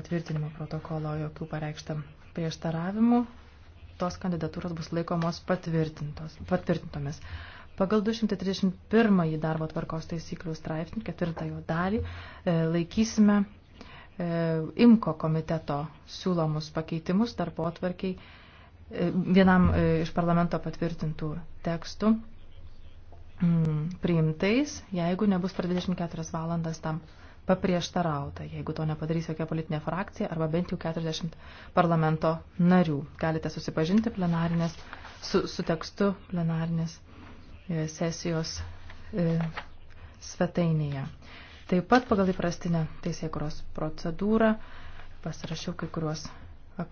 patvirtinimo protokolo jokių pareikšta prieštaravimų, tos kandidatūros bus laikomos patvirtintomis. Pagal 231 darbo tvarkos taisyklių straipsnį, ketvirtą jo dalį, e, laikysime e, IMKO komiteto siūlomus pakeitimus darbo tvarkiai e, vienam iš parlamento patvirtintų tekstų mm, priimtais, jeigu nebus per 24 valandas tam paprieštarauta, jeigu to nepadarys jokia politinė frakcija arba bent jau 40 parlamento narių. Galite susipažinti plenarinės, su, su tekstu plenarinės e, sesijos e, svetainėje. Taip pat pagal įprastinę teisėkuros procedūrą pasirašiau kai kuriuos